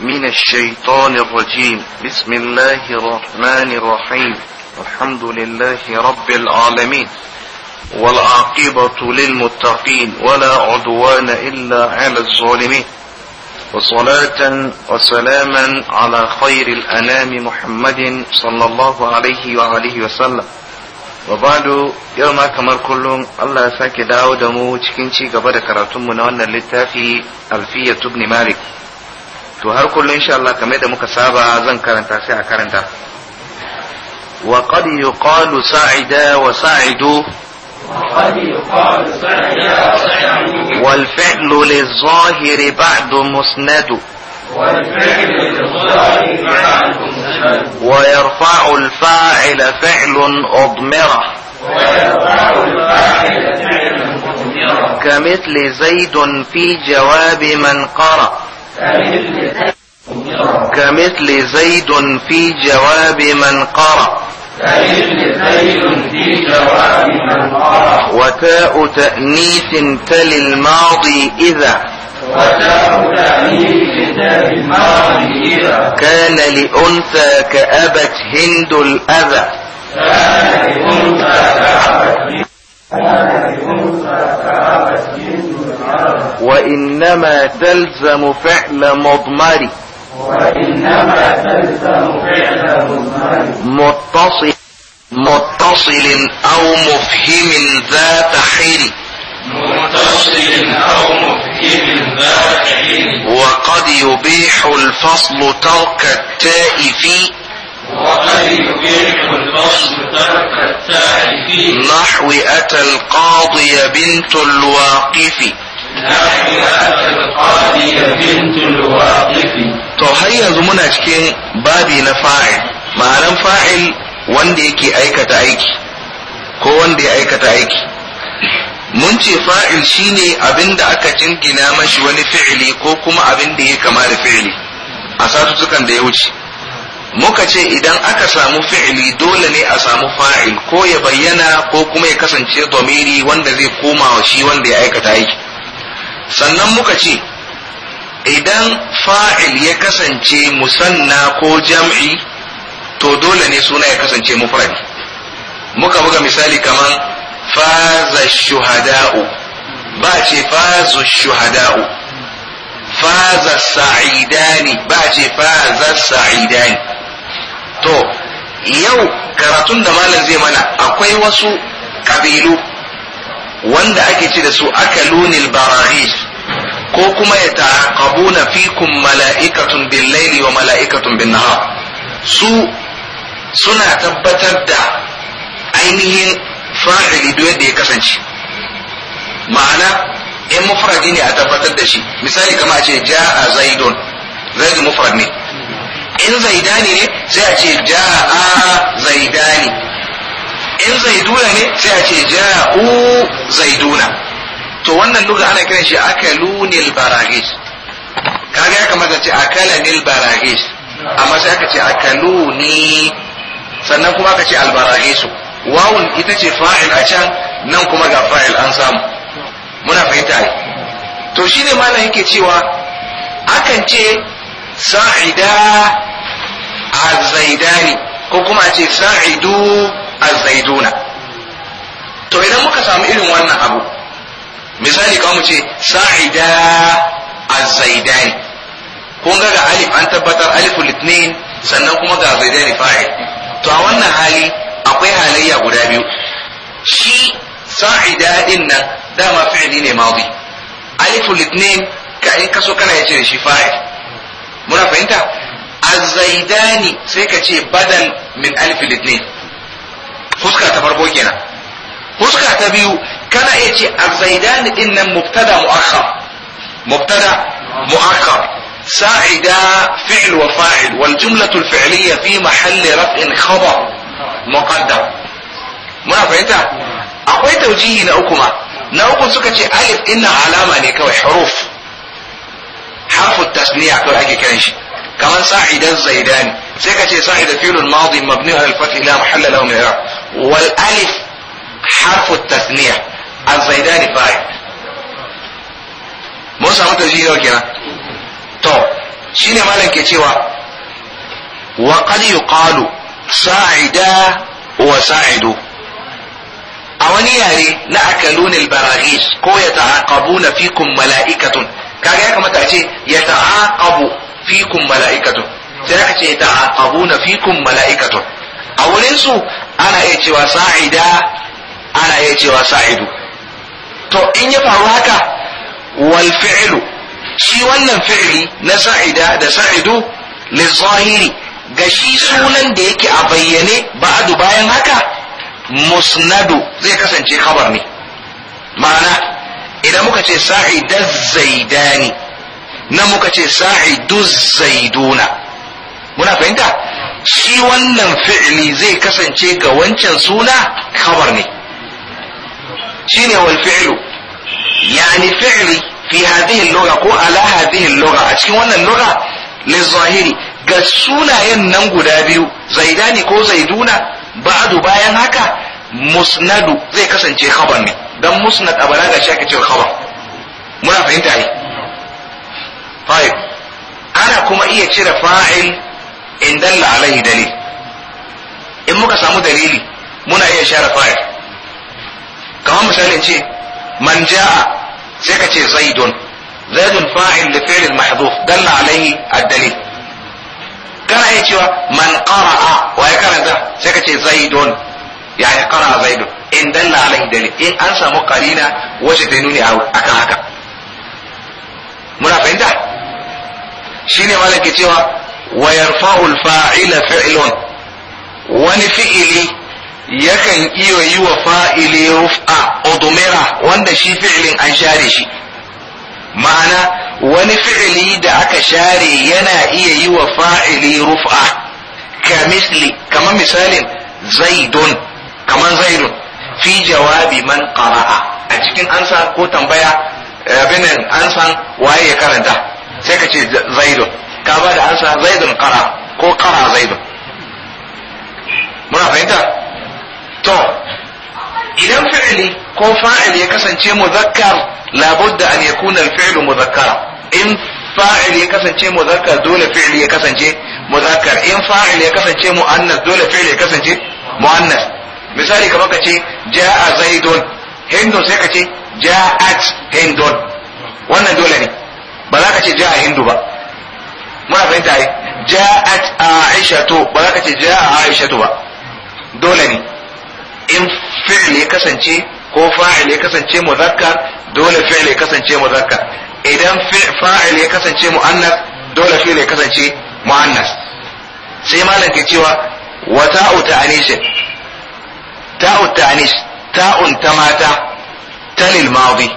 من الشيطان الرجيم بسم الله الرحمن الرحيم الحمد لله رب العالمين والعاقبة للمتقين ولا عدوان إلا على الظالمين وصلاة وسلاما على خير الأنام محمد صلى الله عليه وآله وسلم وبعد يوم أكمل كلهم الله ساكي داو دمو تكين شي قبل كراتم من التافي ألفية ابن مالك to har kullum insha Allah kamar da muka saba zan karanta sai a karanta wa qad yuqalu sa'ida wa sa'idu والفعل للظاهر بعد مسند ويرفع الفاعل فعل أضمره كمثل زيد في جواب من قرأ كمثل زيد في جواب من قرأ وتاء تأنيث تل الماضي إذا وتاء تأنيث تل الماضي إذا كان لأنثى كأبت هند الأذى وإنما تلزم فعل مضمر وإنما تلزم فعل مضمر متصل متصل أو مفهم ذات حين متصل أو مفهم ذات حين وقد يبيح الفصل ترك التاء في وقد يبيح الفصل ترك التاء في نحو أتى القاضي بنت الواقف to har yanzu muna cikin babi na fa'il ma'anan fa'il wanda yake aikata aiki ko wanda ya aikata aiki mun ce fa'il shine abin da aka jingina mashi wani fi'ili ko kuma abin da ya kama da fi'ili a satutukan da ya wuce muka ce idan aka samu fi'ili dole ne a samu fa'il ko ya bayyana ko kuma ya kasance domiri wanda zai komawa shi wanda ya aikata aiki sannan muka ce idan fa'il ya kasance musanna ko jam'i to dole ne suna ya kasance mufrad muka buga misali kaman faza shuhada'u ba ce fazu shuhada'u faza sa'idani ba ce faza sa'idani to yau karatun da malam zai mana akwai wasu ƙabilu? wanda ake ce da su akalunil barari ko kuma ya ta'aqabuna fikun mala'ikatun bin laili wa mala'ikatun bin nahar su suna tabbatar da ainihin fa'ili duk yadda ya kasance ma'ana in mufradi ne a tabbatar da shi misali kama a ce a zaidon zaidu mufrad ne in zaidani ne sai a ce a zaidani zaiduna ne sai a ce ja'u zaiduna to wannan luga ana kiran shi nil baragis kaga ya kamata ce nil baragis amma sai aka ce ni sannan kuma aka ce albaragisu wawun ita ce fa'il a can nan kuma ga fa'il an samu muna fahimta ne to shine malam yake cewa akan ce sa'ida zaidani ko kuma a ce sa'idu azzaiduna to idan muka samu irin wannan abu misali kawo mu ce sa'ida azzaidani kun ga ga alif an tabbatar alifu litnin sannan kuma ga zaidani fa'il to a wannan hali akwai halayya guda biyu shi sa'ida din nan dama fi'ili ne madi alifu litnin ka in kaso kana yace da shi fa'il muna fahimta azzaidani sai ka ce badan min alifu litnin fuska ta farko kenan fuska ta biyu kana iya ce azzaidani din nan mubtada mu'akhkhar mubtada mu'akhkhar sa'ida fi'l wa fa'il wal jumlatu al fi'liyya fi mahalli raf'in khabar muqaddam muna fahimta akwai taujihi na uku ma na uku suka ce alif inna alama ne kawai huruf harfu tasniya kawai ake kiran shi kamar sa'idan zaidani sai ka ce sa'ida filun madi mabni ala al-fath la mahalla lahu min wal alif harfu tasniya az-zaidani fa'il mun samu tarjihi nawa kenan to shine malam ke cewa wa qad yuqalu sa'ida wa sa'idu a wani yare na akalunil baraghish ko yata'aqabuna fikum mala'ikatun kaga ya kamata a ce yata'aqabu fikum mala'ikatun sai aka ce yata'aqabuna fikum mala'ikatun a wurin su ana iya cewa sa'ida ana iya cewa sa'idu to in ya faru haka wal fi'lu shi wannan fi'li na sa'ida da sa'idu lizahiri ga shi sunan da yake a bayyane ba'adu bayan haka musnadu zai kasance khabar ne ma'ana idan muka ce sa'ida zaidani na muka ce Sa'idu zaiduna muna fahimta shi wannan fi'li zai kasance ga wancan suna khabar ne Shi ne wal fi'lu yani fi'li fi hadhihi lugha ko ala hadhihi lugha a cikin wannan lugha lizahiri ga sunayen nan guda biyu zaidani ko zaiduna ba'du bayan haka musnadu zai kasance khabar ne dan musnad a ga shi ake cewa khabar muna fahimta ai fa'il ana kuma iya cire fa'il in dalla alaihi dalil in muka samu dalili muna iya share fire. kamar misalin ce man ja'a sai ka ce zaidun zaidun fa'il li fi'l mahdhuf dalla alaihi ad-dalil kana iya cewa man qara'a wa ya karanta sai ka ce zaidun ya ya qara zaidun in dalla alaihi dalil in an samu qarina wace ta nuni akan haka muna fahimta shine malaka cewa wa yarfa'u faila fi'lun wani fi'ili yakan iya yiwa wa fa'ili rufa udumira wanda shi fi'ilin an share shi ma'ana wani fi'ili da aka share yana iya yiwa fa'ili rufa kamar misalin zaidun kamar zaidun fi jawabi man qara'a a cikin ansa ko tambaya eh, abin an san waye ya karanta sai zaidun ka ba da ansa zaidun qara ko qara zaidun muna fahimta to idan fi'li ko fa'il ya kasance muzakkar labudda an yakuna al-fi'lu muzakkara in fa'il ya kasance muzakkar dole fi'li ya kasance muzakkar in fa'il ya kasance muannas dole fi'li ya kasance muannas misali kamar ka ce ja'a zaidun hindun sai ka ce ja'at hindun wannan dole ne ba za ka ce ja'a hindu ba muna fahimta ai ja'at aishatu ba za ka ce ja'a aishatu ba dole ne in fi'il ya kasance ko fa'il ya kasance muzakkar dole fi'il ya kasance muzakkar idan fa'il ya kasance mu'annas dole fi'il ya kasance mu'annas sai malam ke cewa wa ta'u ta'anish ta'u ta'anish ta'un ta mata ta lil madi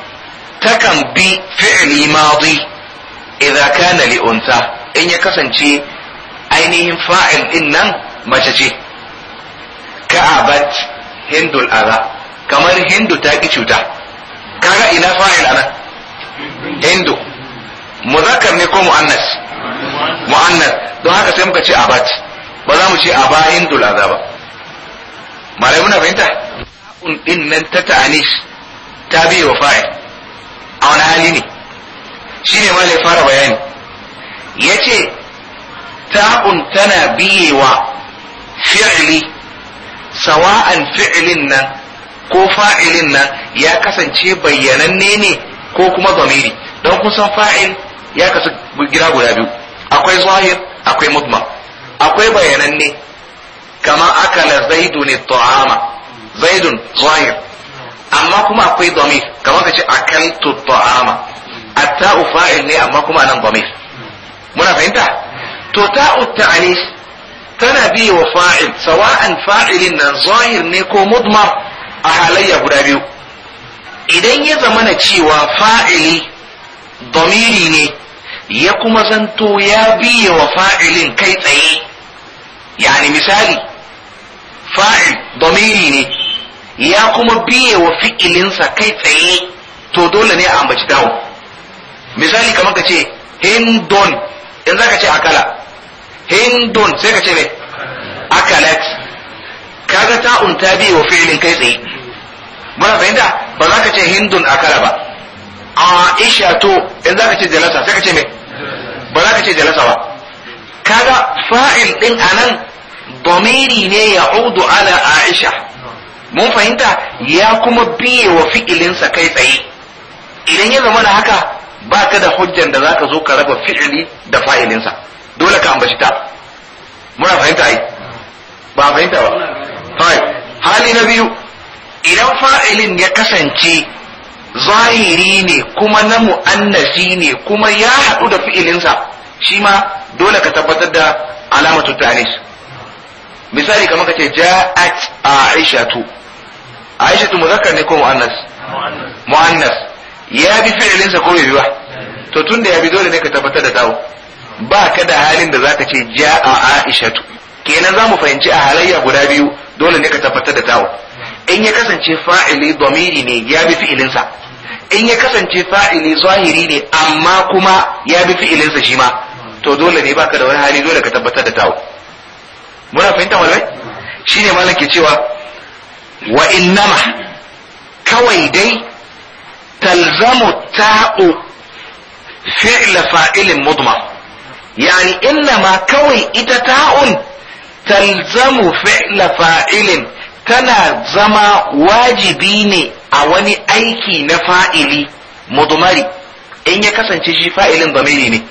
takan bi fi'li madi idza kana li unsa in ya kasance ainihin fa'il din nan mace ce ka'abat hindul aza kamar hindu ta ki cuta kaga ina fa'il anan hindu muzakkar ne ko mu'annas mu'annas don haka sai muka ce abat ba za mu ce aba hindul aza ba malai muna fahimta din nan ta ta'anis ta biyo wa fa'il a wani hali ne Shi shine malai fara bayani yace ta'un tana biyewa fi'li sawa'an fi'lin nan ko fa'ilin nan ya kasance bayyananne ne ko kuma zamiri don kusan fa'il ya kasu gida guda biyu akwai zahir akwai mudma akwai ne. kama akala zaidun ta'ama zaidun zahir amma kuma akwai zamir kamar ka ce akaltu ta'ama atta'u fa'il ne amma kuma nan zamir muna fahimta to ta ta'anis tana biye wa fa'il sawa'an fa'ilin nan zahir ne ko mudmar a halayya guda biyu idan ya zamana cewa fa'ili domiri ne ya kuma zanto ya biye wa fa'ilin kai tsaye yani misali fa'il domiri ne ya kuma biye wa fi'ilinsa kai tsaye to dole ne a ambaci dawo misali kamar ka ce hindon in zaka ce akala hindun sai ka ce ne akalat kaga ta unta bi wa fi'lin kai tsaye muna fahimta ba za ka ce hindun akala ba aisha to in za ka ce jalasa sai ka ce me ba za ka ce jalasa ba kaga fa'il din anan domiri ne ya udu ala aisha mun fahimta ya kuma biye wa fi'ilinsa kai tsaye idan ya zama da haka baka da hujjan da zaka zo ka raba fi'ili da fa'ilinsa dole ka ambaci ta muna fahimta ai ba fahimta ba fa'il hali na biyu idan fa'ilin ya kasance zahiri ne kuma na mu'annasi ne kuma ya haɗu da fi'ilinsa shi ma dole ka tabbatar da alamatu tanis misali kamar ka ce ja'at aishatu aishatu muzakkar ne ko mu'annas mu'annas ya bi fi'ilinsa ko bai bi ba to tun da ya bi dole ne ka tabbatar da dawo ba ka da halin da zaka ce ja'a aishatu kenan zamu fahimci a halayya guda biyu dole ne ka tabbatar da dawo in ya kasance fa'ili domiri ne ya bi fi'ilinsa in ya kasance fa'ili zahiri ne amma kuma ya bi fi'ilinsa shi ma to dole ne baka da wani hali dole ka tabbatar da dawo muna fahimta malamai shine malam ke cewa wa innama kawai dai تلزم التاء فعل فاعل مضمر يعني إنما كوي إذا تاء تلزم فعل فاعل تنا زما واجبين أولي أيكي نفائلي مضمري إن يكسن تجي فاعل ضميري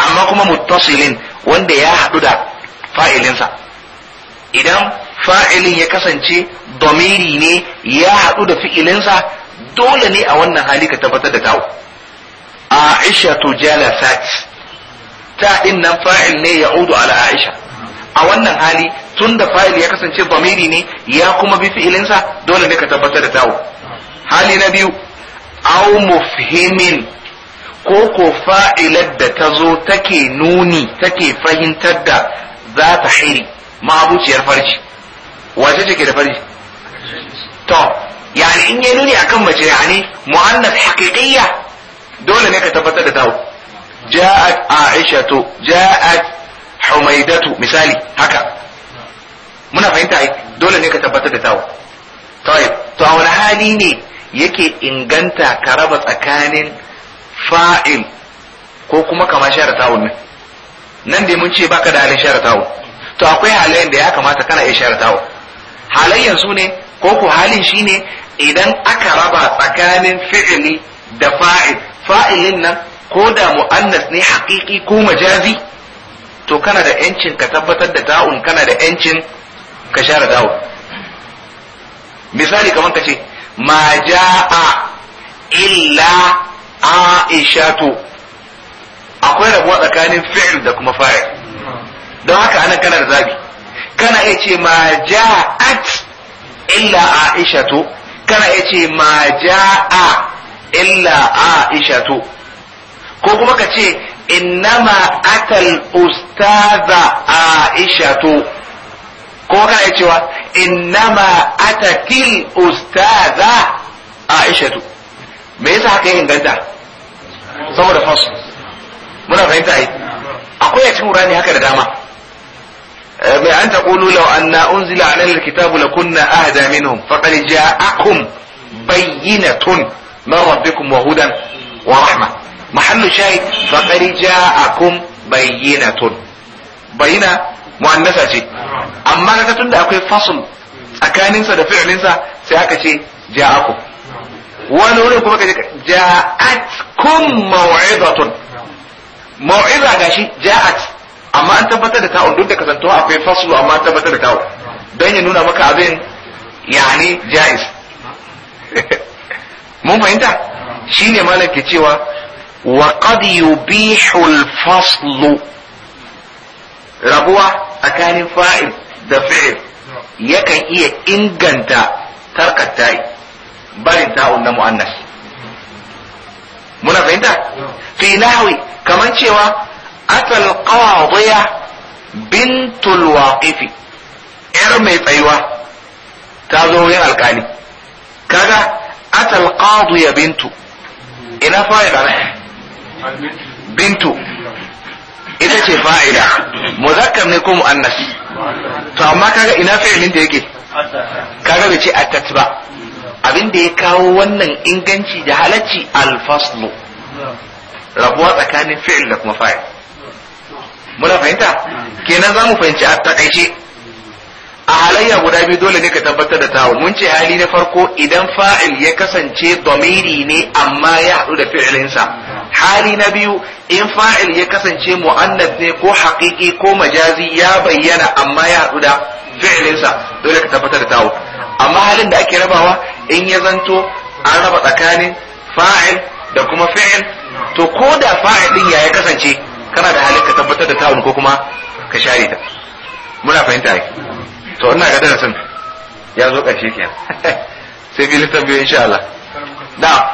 أما كما متصل وان يا حدودا فاعل idan fa'ilin فاعل kasance domiri ne ya haɗu da dole ne a wannan hali ka tabbatar da tawo aisha to jalasat ta din nan fa'il ne ya Udu ala aisha a wannan hali tun da fa'il ya kasance bamiri ne ya kuma bi fi'ilinsa dole ne ka tabbatar da tawo hali na biyu au mufhimin ko ko fa'ilar da ta zo take nuni take fahimtar da za ta hiri mabuciyar farji wace ce da farji to yani in yi nuni akan mace yani mu'annas haqiqiyya dole ne ka tabbatar da tawo ja'at aishatu ja'at humaidatu misali haka muna fahimta ai dole ne ka tabbatar da tawo tayyib to a wani hali ne yake inganta ka raba tsakanin fa'il ko kuma kama share tawun nan nan dai mun ce baka da halin share tawun to akwai halayen da ya kamata kana iya share tawo Halayen su ne ko ko halin shine idan aka raba tsakanin fi'ili da fa'il fa'ilin nan ko da mu'annas ne haƙiƙi ko majazi to kana da yancin ka tabbatar da ta'un kana da yancin ka share ta'un misali kamar ka ce ma ja'a illa aishatu akwai rabuwa tsakanin fi'il da kuma fa'il don haka anan kana da zabi kana iya ce ma ja'at illa aishatu kana iya ce ma a illa aishatu ko kuma ka ce innama atal ustaza aishatu ko kana iya cewa innama atakil ustaza aishatu me yasa haka yin ganta saboda fasu muna fahimta ai akwai a cikin rani haka da dama آه، بأن تقولوا لو أن أنزل علينا الكتاب لكنا أهدى منهم فقد جاءكم بينة من ربكم وهدى ورحمة محل شيء فقد جاءكم بينة بينة مؤنثة أما لكتن لأكل فصل أكان ننسى دفعل ننسى سيأكتي جاءكم ونقول لكم جاءتكم موعظة موعظة جاءت amma an tabbatar da ta'un duk da kasanto akwai faslu amma an tabbatar da ta'un don ya nuna maka abin yani jaiz mun fahimta shine malam ke cewa wa qad yubihu al-faslu rabuwa tsakanin fa'il da fi'il yakan iya inganta tarkar yi. barin ta'un na mu'annas muna fahimta fi nahwi kaman cewa atal qadiya bintul waqifi yar mai tsayuwa ta zo wurin alkali kaga atal qadiya bintu ina fa'ida ne bintu ita ce fa'ida muzakkar ne ko mu'annas to amma kaga ina fi'ilin da yake kaga bai ce atat ba abin da ya kawo wannan inganci da halacci alfaslu rabuwa tsakanin fi'il da kuma fa'il muna fahimta kenan za mu fahimci a takaice a halayya guda biyu dole ne ka tabbatar da tawo mun ce hali na farko idan fa'il ya kasance domiri ne amma ya haɗu da fi'ilinsa hali na biyu in fa'il ya kasance mu'annad ne ko haƙiƙi ko majazi ya bayyana amma ya haɗu da fi'ilinsa dole ka tabbatar da tawo amma halin da ake rabawa in ya zanto an raba tsakanin fa'il da kuma fi'il to ko da fa'il din ya kasance kana da halin ka tabbatar da ta'un ko kuma ka share ta muna fahimta ai to ina ga darasin ya zo ƙarshe ke. sai filin tambayoyi insha Allah na'am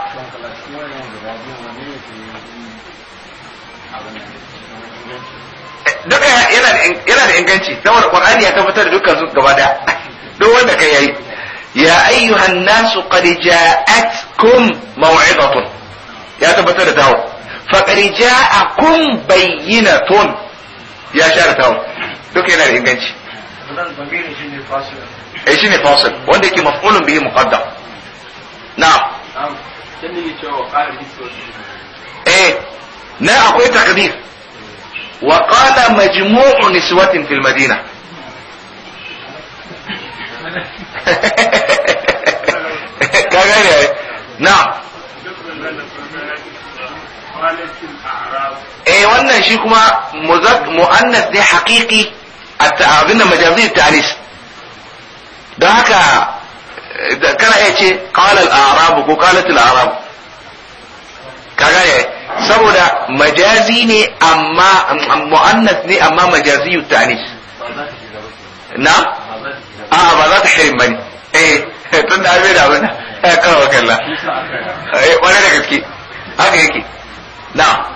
duka yana da inganci saboda qur'ani ya tabbatar da dukkan su gaba da duk wanda kai yayi ya ayyuhan nasu qad ja'atkum maw'izatun ya tabbatar da dawo kun ja'akum bayyinatun ya share tawon Duk yana da inganci eh shine fasil wanda yake maf'ulun bihi muqaddam na'am eh na akwai takdir wa qala majmu'u niswatin fil madina wannan shi kuma mu'annas ne haƙiƙi abin da majazi ta'anis don haka eh, kana iya ce ƙalal arabu ko ƙalatul arabu kaga ya saboda majazi ne amma mu'annas ne amma majazi ta'anis na a ba za ta shirin bane eh tun da abin da abin da eh, ya karawa kalla eh, wani da gaske haka yake na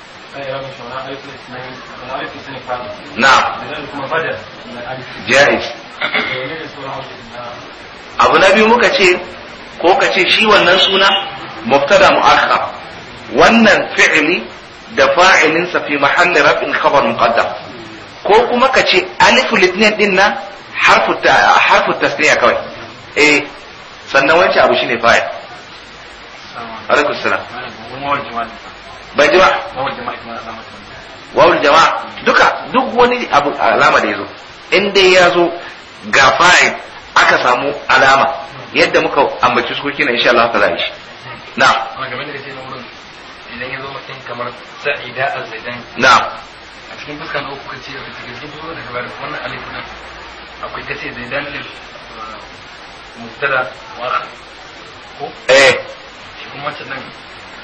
jaiz abu na biyu muka ce ko ka ce shi wannan suna mubtada mu'akhkhar wannan fi'li da fa'ilin sa fi mahalli raf'in khabar muqaddam ko kuma ka ce alif litnin din na, harfu harfu tasniya kawai eh sannan wancan abu shine fa'il alaikum salam bai jima wawul jama'a duka duk wani abu alama da yazo in dai ya zo ga fa'il aka samu alama yadda muka ambaci su kina insha Allah ta shi na idan ya mutum kamar sa'ida azaidan na a cikin fuska na uku kace da cikin cikin da kabar wannan alif na akwai kace zaidan lil mubtada wa ko eh shi kuma sannan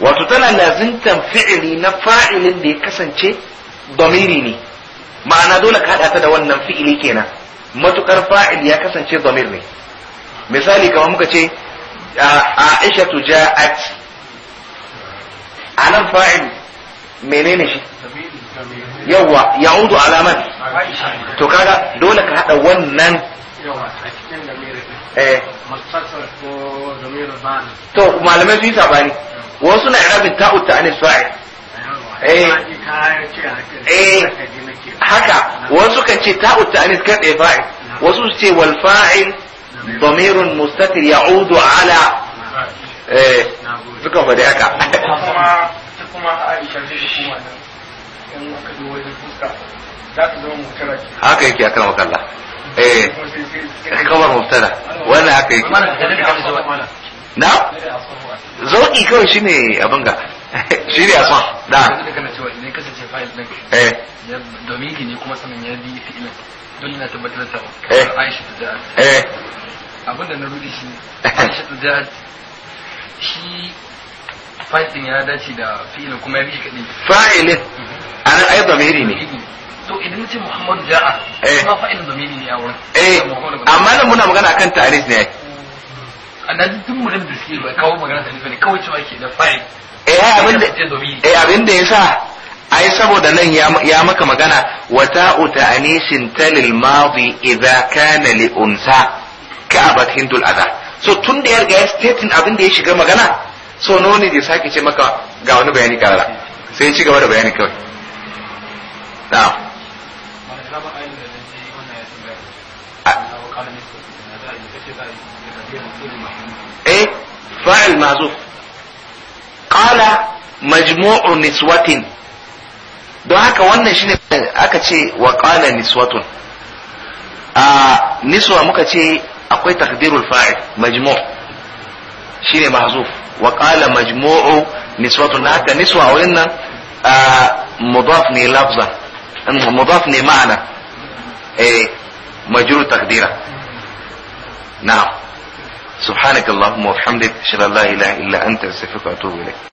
wato tana lazimtan fi'ili na fa'ilin da ya kasance domiri ne ma'ana dole ka haɗa ta da wannan fi'ili kenan matukar fa'il ya kasance domir ne misali kamar muka ce aisha tuja'at anan fa'il menene shi yawa ya'udu alaman to kaga dole ka haɗa wannan eh. to malamai su yi sabani wasu na irabin ta'ud ta anil fa'il eh. eh haka wasu kan ce ta'ud ta anil kadai fa'il wasu su ce wal fa'il ضمير مستتر يعود على eh suka faɗi haka haka yake akan wakalla eh kawar mubtada wannan haka yake na zauki kawai shine abin ga shi ne asma da fayil eh ne kuma sanin ya bi tabbatar da eh. Aisha da eh abin da na rudi shi Aisha da shi fayil ya dace da fi'ilin kuma ya bi shi kadai fa'ilin mhm. ai ne to idan ce Muhammad Ja'a kuma eh. fa'ilin ne a wurin eh amma nan muna magana akan ne annabi da suke ba kawo magana da ne kawai cewa ke da fa'in eh, eh abin da ya sa ai saboda nan ya maka magana wata uta anishin talil madi idza kana li unsa ka abat hindul adha so tun da ya riga ya statin abin da ya shiga magana so no ne da sake ce maka ga wani bayani karara sai ya ci gaba da bayani kawai na'am eh fa'il mazuf qala majmu'u niswatin don haka wannan shine aka ce wa qala niswatun niswa muka ce akwai takdirul fa'il majmu' shine mahzuf wa qala majmu'u niswatun haka niswa wannan mudaf ne lafzan mudaf ne ma'ana eh majrur takdira na'am subhanakallahumma wa bihamdika la ilaha illa anta astaghfiruka wa atubu